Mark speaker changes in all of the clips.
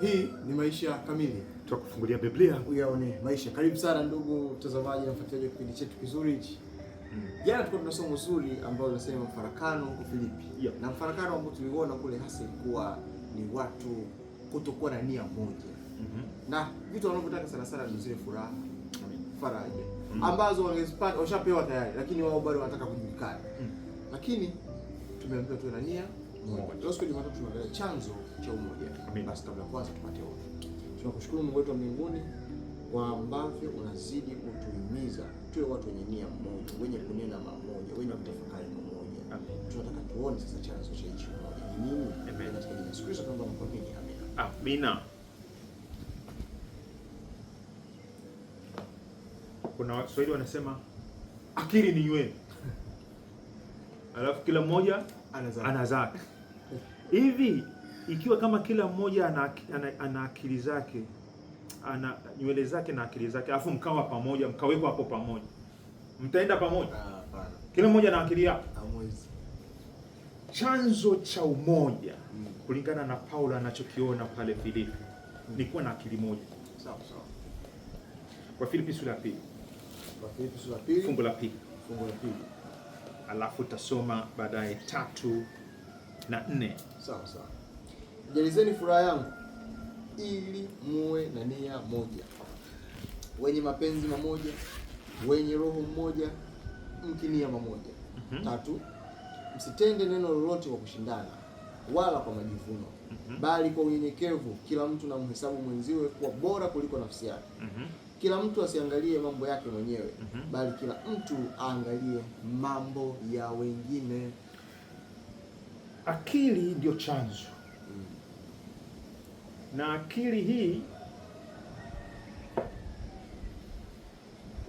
Speaker 1: Hii ni Maisha Kamili,
Speaker 2: tutakufungulia Biblia
Speaker 1: uyaone maisha. Karibu sana ndugu mtazamaji na mfuatiliaji wa kipindi chetu kizuri hichi. Hmm. Jana tulikuwa tuna somo zuri ambalo linasema mfarakano huko Filipi, yeah. na mfarakano ambao tuliona kule hasa ilikuwa ni watu kutokuwa na nia moja mm -hmm. na vitu wanavyotaka sana sana ni zile furaha, faraja mm -hmm. ambazo wangezipata washapewa tayari, lakini wao bado wanataka kujulikana mm -hmm. lakini tumeambiwa tuwe na nia Leo siku ya Jumatatu tunaangalia chanzo cha umoja. Basi kabla ya kwanza tupate ombi. Tunakushukuru Mungu wetu wa mbinguni kwa ambavyo unazidi kutuhimiza tuwe watu wenye nia moja wenye kunena mamoja, wenye kutafakari mamoja. Tunataka tuone sasa chanzo cha hichi umoja ni nini? Amina. Amina.
Speaker 2: Kuna Waswahili wanasema akili ni nywele, alafu kila mmoja ana zake. Hivi ikiwa kama kila mmoja ana, ana, ana akili zake ana nywele zake na akili zake, alafu mkawa pamoja, mkawekwa hapo pamoja, mtaenda pamoja? Ah, hapana, kila mmoja na akili yake. Chanzo cha umoja hmm, kulingana na Paulo anachokiona pale Filipi hmm, ni kuwa na akili moja sawa sawa. Kwa Filipi sura ya pili, kwa Filipi sura ya pili fungu la pili, fungu la pili, alafu tasoma baadaye tatu na
Speaker 1: nne. Sawa sawa, jalizeni furaha yangu ili muwe na nia moja, wenye mapenzi mamoja, wenye roho mmoja, mkinia mamoja. mm -hmm. Tatu, msitende neno lolote kwa kushindana wala kwa majivuno mm -hmm. bali kwa unyenyekevu kila mtu na mhesabu mwenziwe kuwa bora kuliko nafsi yake. mm -hmm. Kila mtu asiangalie mambo yake mwenyewe mm -hmm. bali kila mtu aangalie mambo ya wengine
Speaker 2: akili ndio chanzo, na akili hii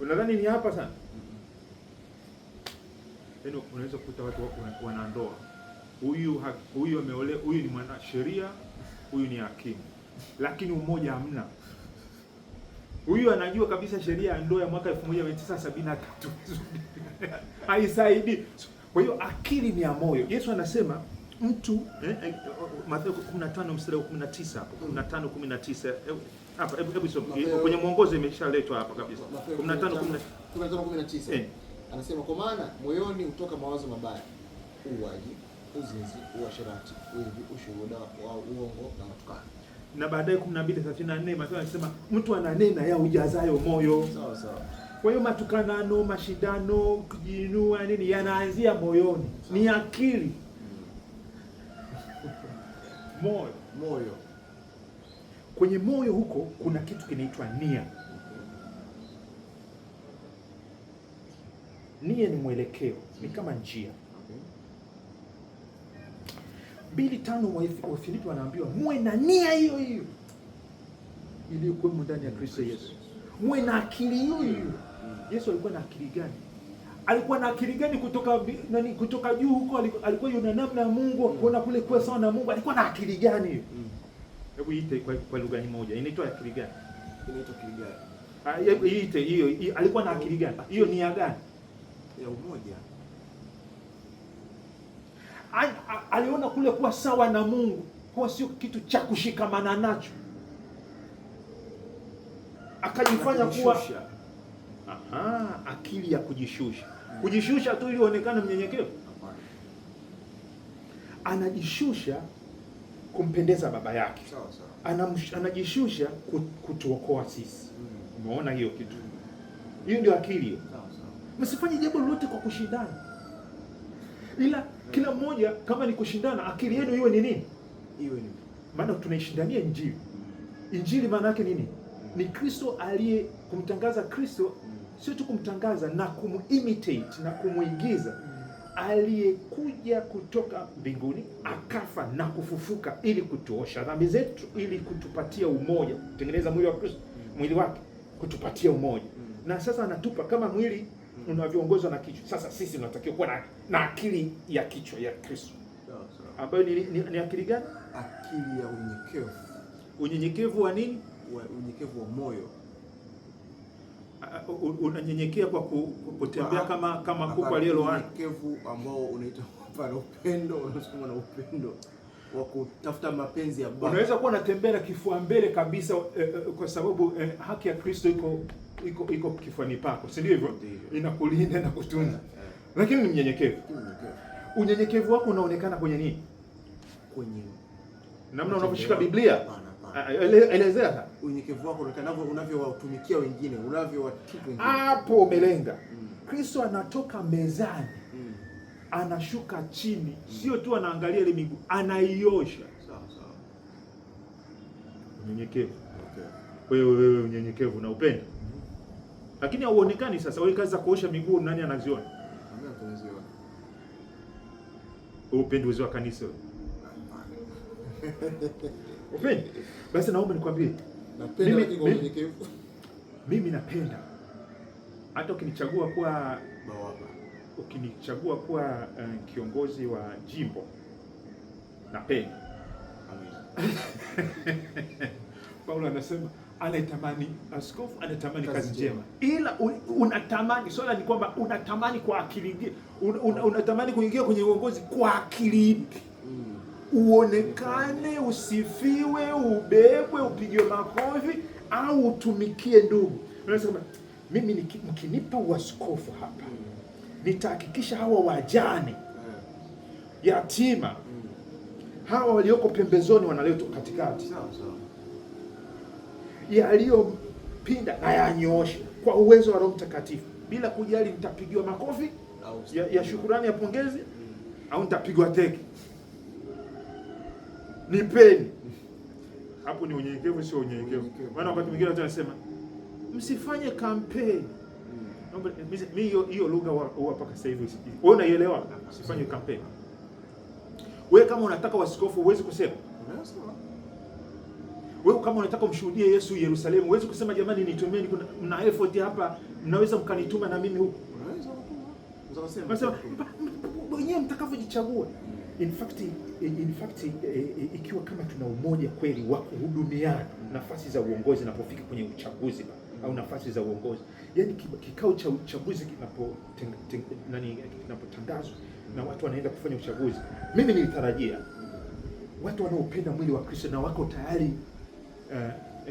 Speaker 2: unadhani ni hapa sana yaani unaweza kukuta watu wanandoa, huyu huyu ameole, huyu ni sheria, huyu ni hakimu, lakini umoja hamna. Huyu anajua kabisa sheria ya ndoa ya mwaka 1973 haisaidii. Kwa hiyo akili ni ya moyo. Yesu anasema mtu eh, eh, Mathayo 15 mstari wa 19 hapo 15 19 hapa, kwenye mwongozo, imeshaletwa hapa kabisa 15
Speaker 1: 19 eh. anasema kwa maana moyoni hutoka mawazo mabaya, uwaji, uzinzi, uasherati, wivi, ushuhuda wa uongo na matukano
Speaker 2: na baadaye 12:34 Mathayo anasema mtu ananena ya ujazayo moyo. Sawa sawa. Kwa hiyo matukanano, mashindano, kujiinua nini yanaanzia moyoni. Ni akili moyo moyo. Kwenye moyo huko kuna kitu kinaitwa nia. Nia ni mwelekeo, ni kama njia. mbili tano Wafilipi wanaambiwa muwe na nia hiyo hiyo iliyokuwemo ndani ya Kristo Yesu, muwe na akili hiyo hiyo. Yesu alikuwa na akili gani? alikuwa na akili gani kutoka nani, kutoka juu huko alikuwa yuna namna ya Mungu mm. kuona kule kwa sawa na Mungu, alikuwa na akili gani mm. Hebu ite kwa, kwa lugha moja inaitwa akili gani?
Speaker 1: Inaitwa akili gani?
Speaker 2: Ah, hebu ite hiyo, alikuwa na akili gani hiyo? Ni ya gani? Ya umoja. Aliona kule kuwa sawa na Mungu kuwa sio kitu cha kushikamana nacho, akajifanya kuwa Aha, akili ya kujishusha. Hmm. Kujishusha tu ili uonekane mnyenyekevu? Anajishusha kumpendeza baba yake. Sawa sawa. Anajishusha kutuokoa sisi. Hmm. Umeona hiyo kitu? Hmm. Hiyo ndio akili Sawa sawa. Msifanye jambo lolote kwa kushindana. Ila kila mmoja kama ni kushindana, akili yenu iwe ni nini? Iwe ni. Maana tunaishindania Injili. Injili maana yake nini? Ni Kristo aliye kumtangaza Kristo sio tu kumtangaza na kumimitate na kumwigiza aliyekuja kutoka mbinguni akafa na kufufuka ili kutuosha dhambi zetu, ili kutupatia umoja, kutengeneza mwili wa Kristo, mwili wake, kutupatia umoja. Na sasa anatupa kama mwili unavyoongozwa na kichwa. Sasa sisi tunatakiwa kuwa na, na akili ya kichwa ya Kristo ambayo ni, ni, ni akili gani?
Speaker 1: Akili ya
Speaker 2: unyenyekevu. Unyenyekevu wa nini?
Speaker 1: Unyenyekevu wa moyo
Speaker 2: uh, unanyenyekea kwa kutembea kama kama kuku aliyeloana,
Speaker 1: unyenyekevu ambao unaitwa na upendo, unasema na upendo wa kutafuta mapenzi ya Baba.
Speaker 2: Unaweza kuwa unatembea na kifua mbele kabisa eh, eh, kwa sababu eh, haki ya Kristo iko iko iko kifuani pako, si ndio hivyo? Inakulinda na kutunza yeah, yeah.
Speaker 1: Lakini ni mnyenyekevu.
Speaker 2: Unyenyekevu wako unaonekana kwenye nini? Kwenye namna unaposhika Biblia. Ah, elezea
Speaker 1: unyenyekevu wako unavyowatumikia wengine,
Speaker 2: unavyowatibu wengine. Hapo umelenga. Mm. Kristo anatoka mezani mm. anashuka chini mm. sio tu anaangalia ile miguu,
Speaker 1: anaiosha. Sawa sawa,
Speaker 2: unyenyekevu. Okay, wewe wewe unyenyekevu na upendo mm. lakini hauonekani. Sasa wewe kazi za kuosha miguu nani anaziona? Upendo wa kanisa Upendi? Basi naomba nikwambie,
Speaker 1: napenda mimi, mimi,
Speaker 2: mimi napenda hata ukinichagua
Speaker 1: kuwa bawaba,
Speaker 2: ukinichagua kuwa uh, kiongozi wa jimbo napenda. Paulo anasema anatamani, askofu anatamani kazi njema, ila unatamani swala ni kwamba unatamani kwa akili, unatamani kuingia kwenye uongozi kwa akili uonekane, usifiwe, ubebwe, upigiwe makofi au utumikie ndugu. Unasema mimi mkinipa uaskofu hapa nitahakikisha hawa wajane, yatima, hawa walioko pembezoni wanaletwa
Speaker 1: katikati,
Speaker 2: yaliyopinda na yanyoosha kwa uwezo wa Roho Mtakatifu, bila kujali nitapigiwa makofi ya, ya shukurani ya pongezi au nitapigwa teke nipeni. Hapo ni unyenyekevu, sio unyenyekevu. Maana wakati mwingine watu wanasema msifanye kampeni. Mimi hiyo lugha huwa mpaka sasa hivi wewe unaielewa, usifanye kampeni. Wewe kama unataka wasikofu huwezi kusema. Wewe kama unataka mshuhudie Yesu Yerusalemu huwezi kusema jamani, kuna mna effort hapa, mnaweza mkanituma na mimi
Speaker 1: huko. Unaweza
Speaker 2: kutuma. Unaweza kusema. Wenyewe mtakavyojichagua. In fact, in fact ikiwa kama tuna umoja kweli wa kuhudumiana nafasi za uongozi inapofika kwenye uchaguzi au nafasi za uongozi, yani kikao cha uchaguzi kinapotangazwa na watu wanaenda kufanya uchaguzi, mimi nilitarajia watu wanaopenda mwili wa Kristo na wako tayari uh,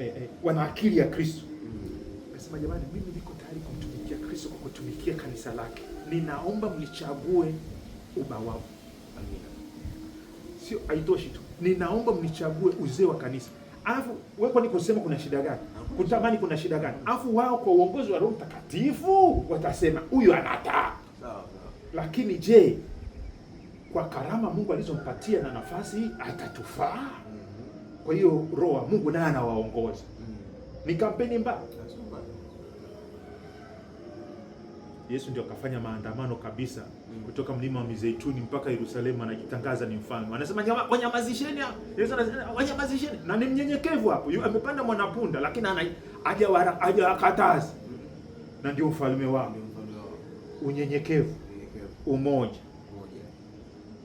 Speaker 2: eh, eh, wana akili ya Kristo nasema jamani, mimi niko tayari kumtumikia Kristo kwa kutumikia kanisa lake, ninaomba mlichague ubawavu. Amina sio haitoshi tu, ninaomba mnichague uzee wa kanisa. Alafu wewe kwani kusema kuna shida gani? Kutamani kuna shida gani? Alafu wao kwa uongozi wa Roho Mtakatifu watasema huyu anataa. Lakini je, kwa karama Mungu alizompatia na nafasi atatufaa? Kwa hiyo Roho wa Mungu naye anawaongoza. Ni
Speaker 1: kampeni mbaya.
Speaker 2: Yesu ndio akafanya maandamano kabisa mm. kutoka mlima wa Mizeituni mpaka Yerusalemu, anajitangaza ni mfalme, anasema nyama, wanyamazisheni, Yesu anasema wanyamazisheni, na ni mnyenyekevu hapo, yule amepanda mwanapunda, lakini haja haja akatazi mm. na ndio ufalme wao, unyenyekevu, umoja.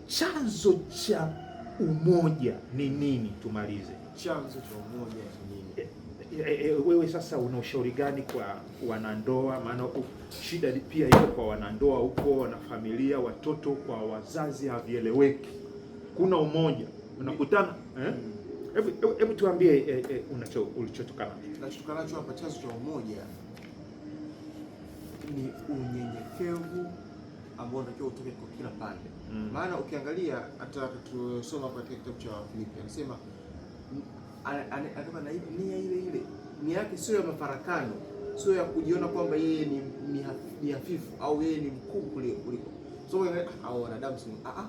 Speaker 2: Chanzo cha umoja ni nini? Tumalize
Speaker 1: chanzo cha umoja ni nini?
Speaker 2: Eh, eh, eh, wewe sasa una ushauri gani kwa wanandoa? Maana shida pia iko kwa wanandoa huko, wanafamilia, watoto, kwa wazazi, havieleweki. Kuna umoja unakutana eh? mm. hebu tuambie e, e, unacho
Speaker 1: ulichotokana tunachotokana nacho hapa. Chanzo cha umoja ni unyenyekevu ambao unatakiwa utoke kwa kila pande mm. Maana ukiangalia hata tusoma katika kitabu cha Filipi anasema anatoka na nia ile ile, nia yake sio ya mafarakano, sio ya kujiona kwamba yeye ni, ni, ni hafifu au yeye ni mkubwa kuliko so au wanadamu si ah, ah,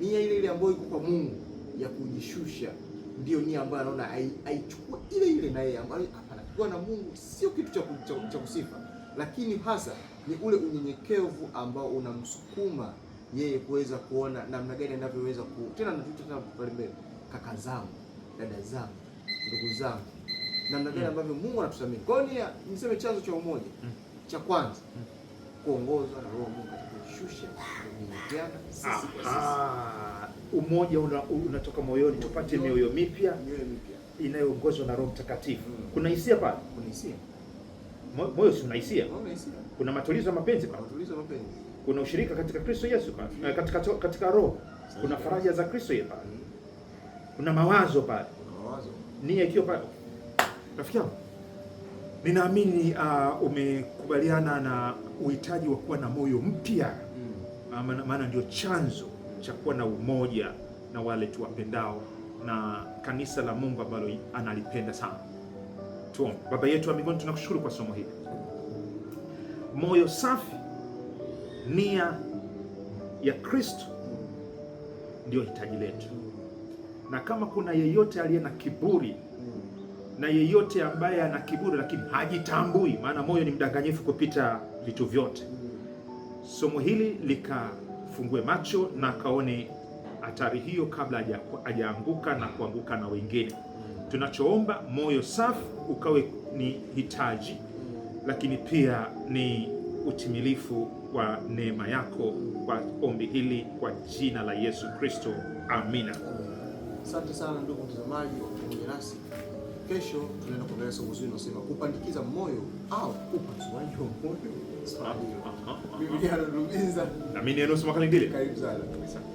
Speaker 1: nia ile ile ambayo iko kwa Mungu ya kujishusha, ndio nia ambayo anaona aichukua ile ile na yeye ambayo anachukua na Mungu, sio kitu cha, cha, cha kusifa, lakini hasa ni ule unyenyekevu ambao unamsukuma yeye kuweza kuona namna gani anavyoweza ku tena natuta pale mbele, kaka zangu, dada zangu ndugu zangu, namna gani mm. ambavyo Mungu anatuthamini. Kwa hiyo niseme chanzo cha umoja mm. cha kwanza kuongozwa na Roho Mungu kushusha kunyenyekeana sisi kwa sisi.
Speaker 2: Umoja una, unatoka moyoni, tupate mioyo mipya inayoongozwa na Roho Mtakatifu.
Speaker 1: Hmm. Kuna hisia pale, kuna hisia moyo, si una hisia,
Speaker 2: kuna matulizo ya mapenzi
Speaker 1: pale, matulizo ya mapenzi,
Speaker 2: kuna ushirika katika Kristo Yesu pale, mm. eh, katika katika Roho, kuna faraja za Kristo yeye pale, kuna
Speaker 1: mawazo pale
Speaker 2: nia ikiwa pale. Rafiki yangu, ninaamini uh, umekubaliana na uhitaji wa kuwa na moyo mpya mm. Maana ndio chanzo cha kuwa na umoja na wale tuwapendao na kanisa la Mungu ambalo analipenda sana. Tuombe. Baba yetu wa mbinguni, tunakushukuru kwa somo hili. Moyo safi, nia ya Kristo ndio hitaji letu na kama kuna yeyote aliye na kiburi na yeyote ambaye ana kiburi lakini hajitambui, maana moyo ni mdanganyifu kupita vitu vyote. Somo hili likafungue macho na kaone hatari hiyo kabla hajaanguka na kuanguka na wengine. Tunachoomba moyo safi ukawe ni hitaji, lakini pia ni utimilifu wa neema yako, kwa ombi hili kwa jina la Yesu Kristo, amina.
Speaker 1: Asante sana ndugu mtazamaji wa pamoja nasi. Kesho tunaenda kuangalia somo zuri linasema kupandikiza moyo au upasuaji wa moyo. Swali Biblia inatuhimiza. Na mimi neno sema kali Karibu sana.